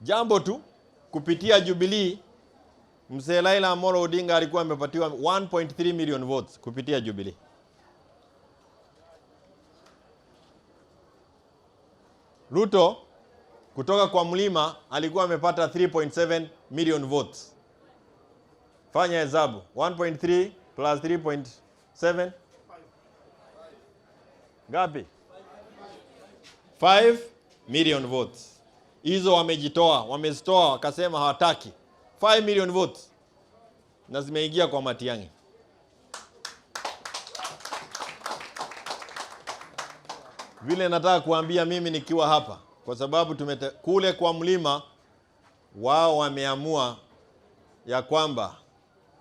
Jambo tu kupitia Jubilee, mzee Laila Amolo Odinga alikuwa amepatiwa 1.3 million votes kupitia Jubilee. Ruto kutoka kwa mlima alikuwa amepata 3.7 million votes. Fanya hesabu 1.3 plus 3.7 ngapi? 5 million votes hizo wamejitoa, wamezitoa, wakasema hawataki 5 million votes na zimeingia kwa Matiang'i. Vile nataka kuambia mimi nikiwa hapa, kwa sababu tumete, kule kwa mlima wao wameamua ya kwamba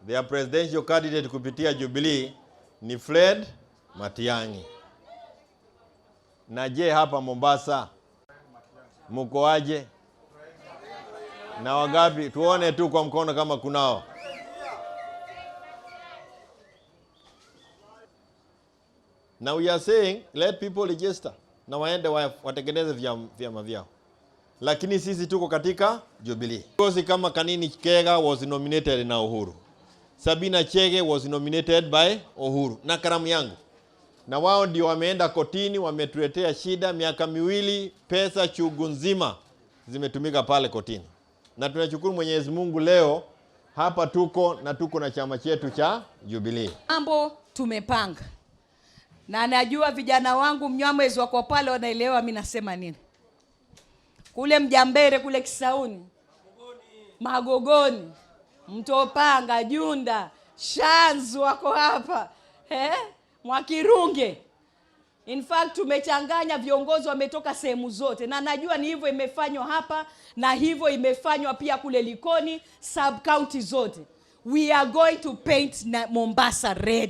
their presidential candidate kupitia Jubilee ni Fred Matiang'i. Na je, hapa Mombasa mukoaje na wangapi? Tuone tu kwa mkono kama kunao. Na we are saying let people register na waende watengeneze vyama vyao, lakini sisi tuko katika Jubilee. kama Kanini Kega was nominated na Uhuru, Sabina Chege was nominated by Uhuru na karamu yangu na wao ndio wameenda kotini, wametuletea shida. Miaka miwili, pesa chungu nzima zimetumika pale kotini, na tunashukuru Mwenyezi Mungu leo hapa tuko na tuko na chama chetu cha Jubilee. Mambo tumepanga, na najua vijana wangu Mnyamwezi wako pale, wanaelewa mimi nasema nini. Kule Mjambere kule Kisauni, Magogoni, Mtopanga, Junda, Shanzu wako hapa eh? Mwakirunge. In fact tumechanganya viongozi wametoka sehemu zote, na najua ni hivyo imefanywa hapa na hivyo imefanywa pia kule Likoni, sub county zote. We are going to paint na Mombasa red.